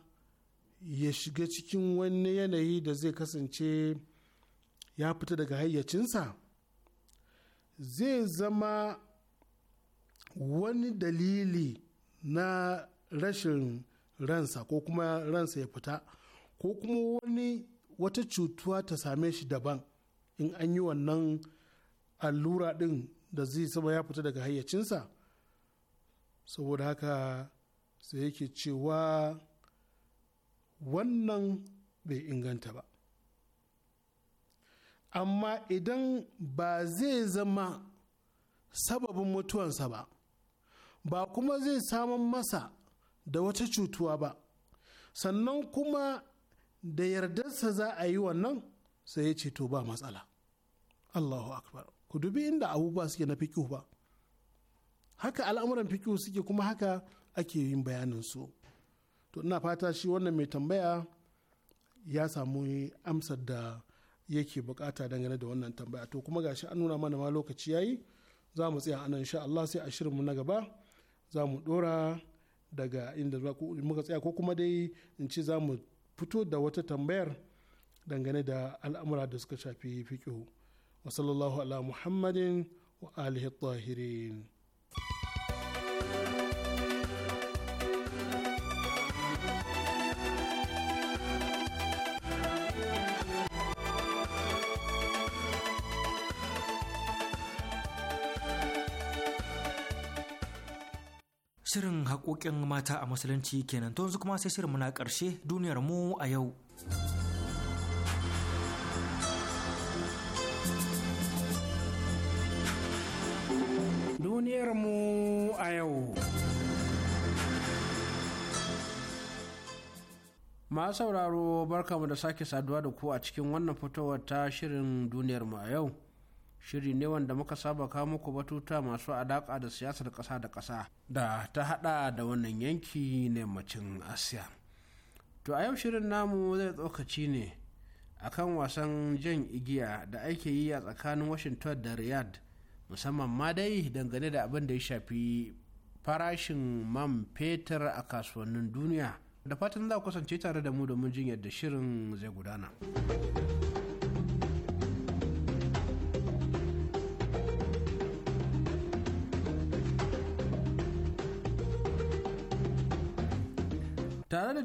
ya shiga cikin wani yanayi da zai kasance ya fita daga hayyacinsa zai zama wani dalili na rashin ransa ko kuma ransa ya fita ko kuma wani wata cutuwa ta same shi daban in an yi wannan allura ɗin da zai saba ya fita daga hayyacinsa saboda haka sai yake cewa wannan bai inganta ba amma idan ba zai zama sababin mutuwansa ba ba kuma zai samun masa da wata cutuwa ba sannan kuma da yardarsa za a yi wannan sai ya ce to ba matsala allahu akbar ku dubi inda abubuwa suke na fikihu ba haka al'amuran fiƙo suke kuma haka ake yin bayanin su to ina fata shi wannan mai tambaya ya samu amsar da yake bukata dangane da wannan tambaya to kuma gashi an nuna mana ma lokaci yayi za mu tsaya anan insha Allah sai a shirinmu na gaba za mu dora daga inda muka tsaya ko kuma dai in ce za mu fito da wata tambayar dangane da al'amura da suka shafi fiƙihu wa sallallahu ala muhammadin wa alihi tahirin Shirin haƙoƙin mata a musulunci kenan to yanzu kuma sai shirin muna ƙarshe duniyar mu a yau. Duniyar mu a yau. Ma sauraro barkamu da sake saduwa da ku a cikin wannan fitowar ta shirin duniyar mu a yau. shiri ne wanda muka saba kawo muku batuta masu alaƙa da siyasar ƙasa da ƙasa da ta haɗa da wannan yanki ne macin asiya to a yau shirin namu zai tsokaci ne akan wasan jan igiya da ake yi a tsakanin washington da riyad musamman ma dai dangane da abin da ya shafi farashin man fetur a kasuwannin duniya da fatan za ku kasance tare da mu domin jin yadda shirin zai gudana.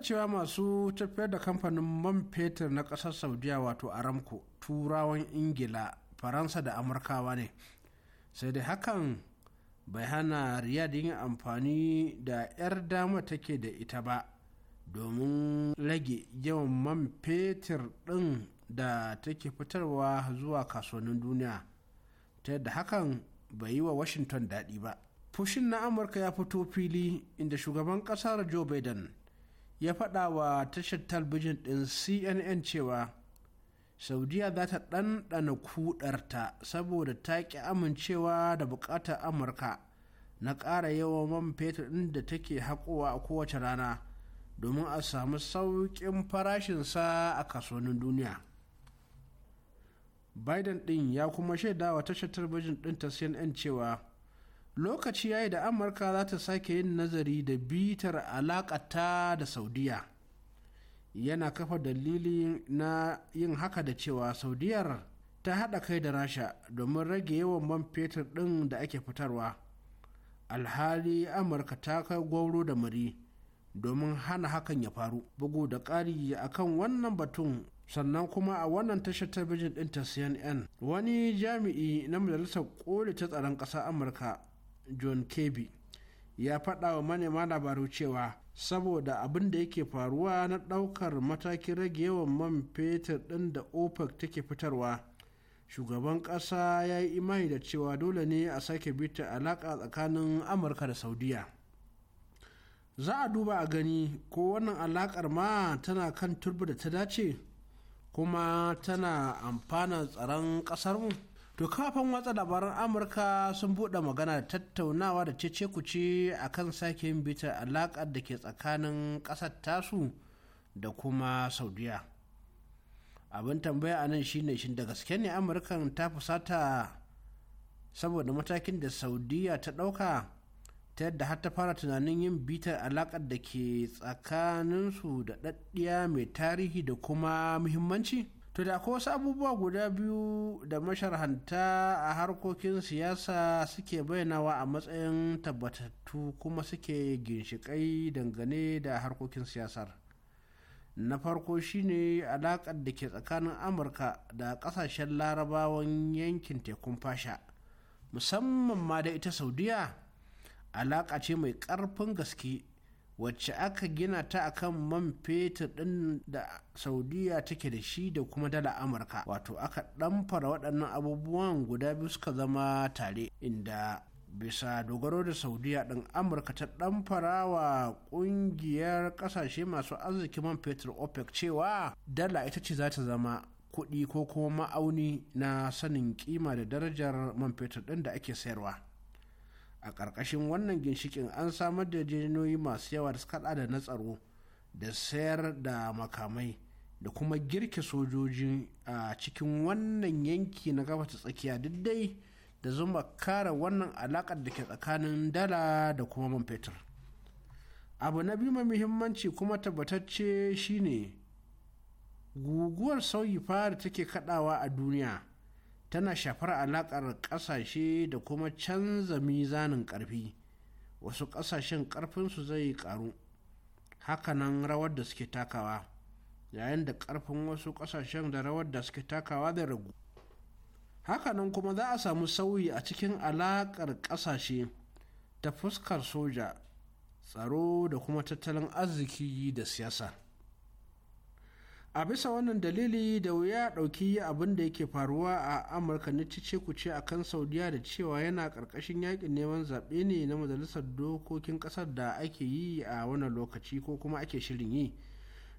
cewa masu tafiyar da kamfanin man fetur na ƙasar saudiya wato aramco turawan ingila faransa da amurkawa ne sai dai hakan bai hana riyad yin amfani da 'yar dama take da ita ba domin rage yawan man fetur ɗin da take fitarwa zuwa kasuwannin duniya ta yadda hakan bai yi wa washington daɗi ba fushin na amurka ya fito fili inda shugaban ƙasar joe biden ya faɗa wa tashar talbijin ɗin cnn cewa saudiya za ta ɗanɗana kudarta saboda ta ƙi amincewa da buƙatar amurka na ƙara yawan man fetur ɗin da take haƙowa a kowace rana domin a samu sauƙin farashinsa a kasuwannin duniya biden ɗin ya kuma shaidawa tashar talbijin ɗin ta cnn cewa lokaci ya yi da amurka za ta sake yin nazari da bitar alakata da saudiya yana kafa dalili na yin haka da cewa saudiyar ta haɗa kai da rasha domin rage yawan man fetur ɗin da ake fitarwa alhali amurka ta kai gwauro da muri domin hana hakan ya faru bugu da ƙari akan wannan batun sannan kuma a wannan tashar talabijin ɗin ta cnn wani jami'i na majalisar koli ta tsaron ƙasa amurka john kebi ya faɗa wa manema labaru cewa saboda abin da yake faruwa na ɗaukar matakin rage yawan man fetur ɗin da opec take fitarwa shugaban ƙasa ya yi imani da cewa dole ne a sake bita alaƙa tsakanin amurka da saudiya za a duba a gani ko wannan alaƙar ma tana kan turbi da ta dace kuma tana amfana tsaron ƙasarmu To kafin watsa labaran Amurka sun buɗe magana da tattaunawa da cece kuce a kan sake yin bitar alaƙar da ke tsakanin ƙasar tasu da kuma Saudiya. Abin tambaya a nan shine shin da gaske ne amurka ta fusata saboda matakin da Saudiya ta ɗauka ta yadda har ta fara tunanin yin bitar alaƙar da ke tsakaninsu da ɗaɗɗiya mai tarihi da kuma muhimmanci? to da ko wasu abubuwa guda biyu da masharhanta a harkokin siyasa suke bayyanawa a matsayin tabbatattu kuma suke ginshiƙai dangane da harkokin siyasar na farko shine alaƙar da ke tsakanin amurka da ƙasashen larabawan yankin tekun fasha musamman ma da ita saudiya alaƙa ce mai ƙarfin gaske wacce aka gina ta akan man fetur ɗin da saudiya take da shi da kuma dala amurka wato aka ɗamfara waɗannan abubuwan guda biyu suka zama tare inda bisa dogaro da saudiya ɗin amurka ta ɗamfara wa ƙungiyar ƙasashe masu arziki man fetur opec cewa dala ita ce za ta zama kuɗi ko kuma ma'auni na sanin kima da darajar man fetur ɗin da ake sayarwa a ƙarƙashin wannan ginshikin an samar da jiniyoyi masu yawa da suka da na tsaro da sayar da makamai da kuma girke sojoji a cikin wannan yanki na ta tsakiya duk dai da zuma kare wannan alaƙar da ke tsakanin dala da kuma man fetur abu na biyu mai muhimmanci kuma tabbatacce shine guguwar sauyi fara take kadawa a duniya tana shafar alaƙar ƙasashe da kuma canza mizanin ƙarfi wasu ƙasashen ƙarfinsu zai ƙaru hakanan rawar da suke takawa yayin da ƙarfin wasu ƙasashen da rawar da suke takawa zai ragu hakanan kuma za a samu sauyi a cikin alaƙar ƙasashe ta fuskar soja tsaro da kuma tattalin arziki da siyasa a bisa wannan dalili da wuya ɗauki abin da yake faruwa a amurka na cice kuce a kan saudiya da cewa yana ƙarƙashin yakin neman zaɓe ne na majalisar dokokin ƙasar da ake yi a wannan lokaci ko kuma ake shirin yi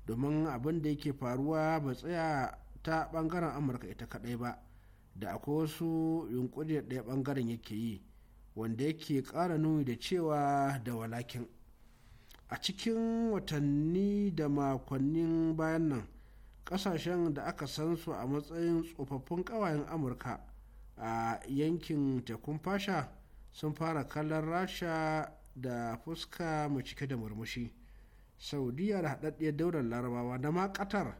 domin abin da yake faruwa ba tsaya ta ɓangaren amurka ita kaɗai ba da akwai wasu yunƙuri da ɗaya bangaren yake yi wanda yake ƙara nuni da cewa da walakin a cikin watanni da makonnin bayan nan kasashen da aka san su a matsayin tsofaffin ƙawayen amurka a yankin tekun fasha sun fara kallon rasha da fuska mu cike da murmushi saudiya da haɗaɗɗiyar daular larabawa da ma ƙatar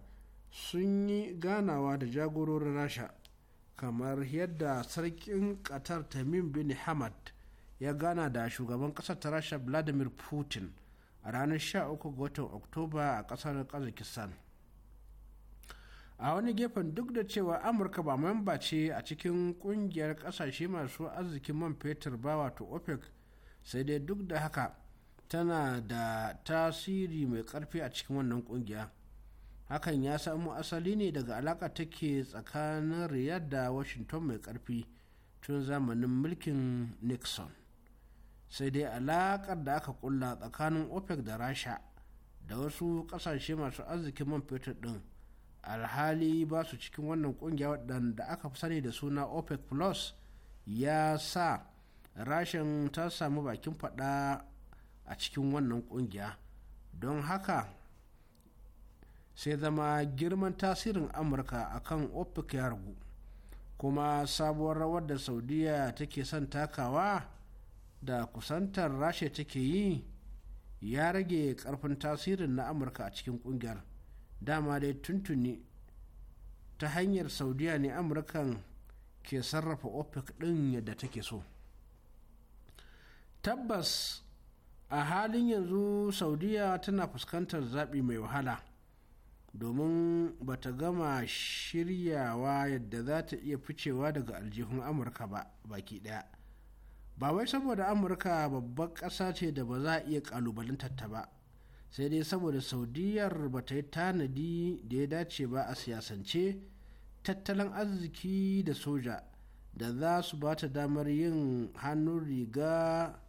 sun yi ganawa da jagororin rasha kamar yadda sarkin ƙatar tamim bin hamad ya gana da shugaban ƙasar ta rasha vladimir putin a ranar 13 ga watan oktoba a ƙasar kazakistan a wani gefen duk da cewa amurka ba memba ce a cikin kungiyar kasashe masu arzikin man fetur ba wato opec sai dai duk da haka tana da tasiri mai karfi a cikin wannan kungiya hakan ya samu asali ne daga alaka take tsakanin riyadh da washington mai karfi tun zamanin mulkin nixon sai dai alakar da aka kulla tsakanin opec da rasha da wasu kasashe masu arzikin man fetur din alhali ba su cikin wannan kungiya waɗanda aka fi sani da suna opec plus ya sa rashin ta samu bakin faɗa a cikin wannan kungiya don haka sai zama girman tasirin amurka akan opec ya ragu kuma sabuwar rawar da saudiya take son takawa da kusantar rasha take yi ya rage karfin tasirin na amurka a cikin kungiyar dama dai tuntuni ta hanyar saudiya ne amurkan ke sarrafa opec ɗin yadda take so tabbas a halin yanzu saudiya tana fuskantar zaɓi mai wahala domin ba ta gama shiryawa yadda za ta iya ficewa daga aljihun amurka ba baki ɗaya ba wai saboda amurka babbar ƙasa ce da ba za a iya ƙalubalantar ta ba sai dai saboda saudiyar ba ta yi tanadi da ya dace ba a siyasance tattalin arziki da soja da za su ba ta damar yin hannun riga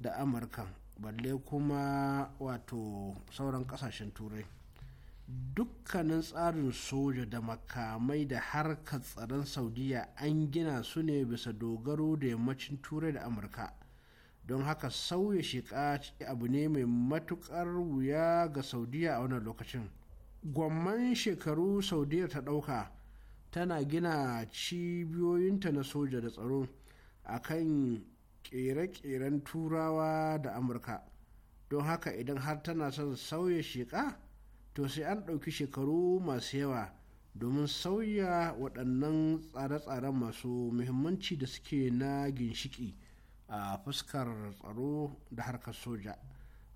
da amurka balle kuma wato sauran kasashen turai dukkanin tsarin soja da makamai da harkar tsaron saudiya an gina su ne bisa dogaro da yammacin turai da amurka don haka sauya shiƙa abu ne mai matuƙar wuya ga saudiya a wannan lokacin gwamman shekaru saudiya ta ɗauka tana gina cibiyoyinta na soja da tsaro a kan ƙere-ƙeren turawa da amurka don haka idan har tana son sauya shiƙa to sai an ɗauki shekaru masu yawa domin sauya waɗannan tsare-tsaren masu muhimmanci da suke na ginshiƙi. a fuskar tsaro da harkar soja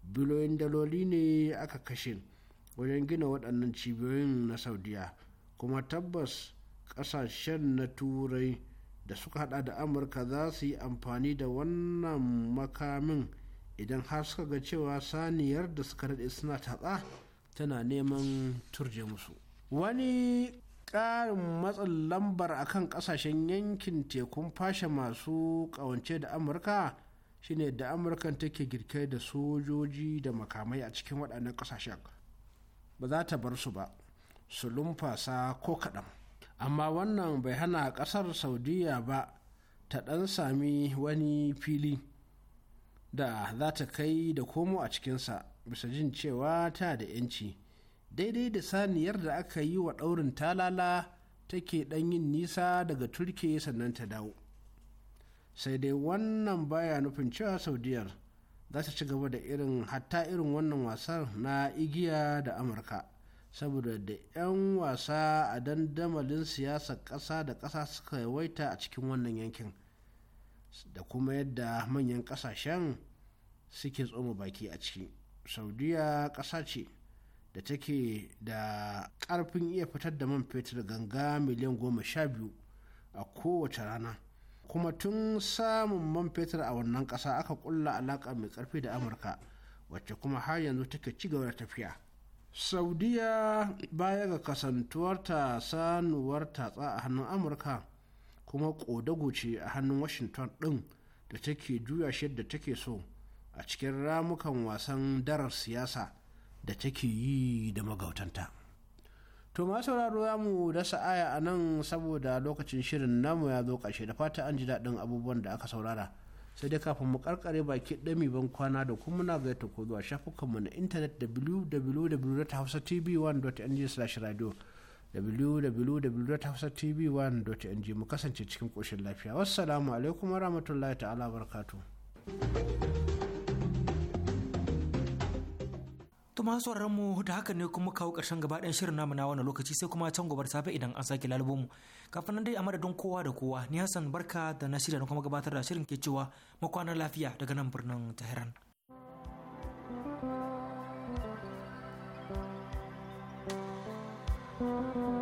biloyin daloli ne aka kashe wajen gina waɗannan cibiyoyin na saudiya kuma tabbas ƙasashen na turai da suka hada da amurka za su yi amfani da wannan makamin idan har suka ga cewa saniyar da suka daɗe suna tatsa tana neman turje musu wani ƙarin matsin lambar a kan ƙasashen yankin tekun fashe masu ƙawance da amurka shine da amurkan take girke da sojoji da makamai a cikin waɗannan ƙasashen ba za ta bar su ba su lumfasa ko kaɗan amma wannan bai hana ƙasar saudiya ba ta ɗan sami wani fili da za ta kai da komo a cikinsa bisa jin cewa ta da 'yanci. daidai da saniyar da aka yi wa ɗaurin talala take ɗan yin nisa daga turke sannan ta dawo sai dai wannan baya nufin cewa saudiyar za ta ci gaba da irin hatta irin wannan wasan na igiya da amurka saboda da 'yan wasa a dandamalin siyasar ƙasa da ƙasa suka yawaita a cikin wannan yankin da kuma yadda manyan ƙasashen suke tsoma baki a ciki saudiya ƙasa ce da take da ƙarfin iya fitar da man fetur ganga miliyan goma sha biyu a kowace rana kuma tun samun man fetur a wannan ƙasa aka ƙulla alaƙa mai ƙarfi da amurka wacce kuma har yanzu take ci gaba da tafiya saudiya baya ga kasantuwarta sanuwar tatsa a hannun amurka kuma ƙodago ce a hannun washington ɗin da take juya shi da take so a cikin ramukan wasan darar siyasa da take yi da magautanta to ma sauraro ya mu dasa aya a nan saboda lokacin shirin namu ya zo ƙarshe da fata an ji daɗin abubuwan da aka saurara sai dai kafin mu karkare baki ɗami ban kwana da kuma muna gaita ko zuwa shafukanmu na intanet www.hausatv1.ng/radio www.hausatv1.ng mu kasance cikin ƙoshin lafiya wassalamu alaikum warahmatullahi ta'ala barkatu. To masu sauraron mu da haka ne kuma kawo ƙarshen gaba ɗayan shirin namu na wannan lokaci sai kuma can gobar safe idan an sake lalubo mu. Kafin nan dai a madadin kowa da kowa ni Hassan barka da na shirya na kuma gabatar da shirin ke cewa makwanar lafiya daga nan birnin Tehran. thank you